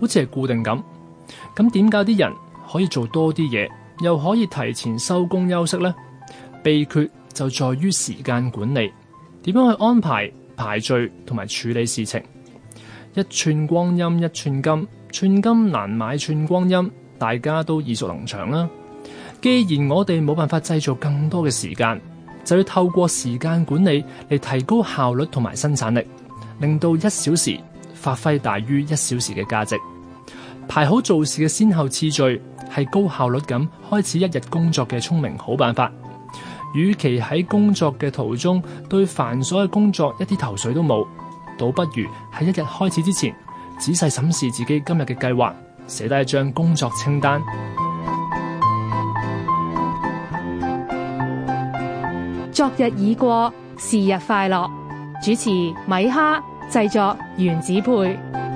好似係固定咁，咁點解啲人可以做多啲嘢，又可以提前收工休息呢？秘訣就在於時間管理，點樣去安排排序同埋處理事情。一寸光陰一寸金，寸金難買寸光陰，大家都耳熟能詳啦。既然我哋冇辦法製造更多嘅時間，就要透過時間管理嚟提高效率同埋生產力，令到一小時。發揮大於一小時嘅價值，排好做事嘅先後次序，係高效率咁開始一日工作嘅聰明好辦法。與其喺工作嘅途中對繁瑣嘅工作一啲頭緒都冇，倒不如喺一日開始之前仔細審視自己今日嘅計劃，寫低一張工作清單。昨日已過，是日快樂。主持米哈。製作原子配。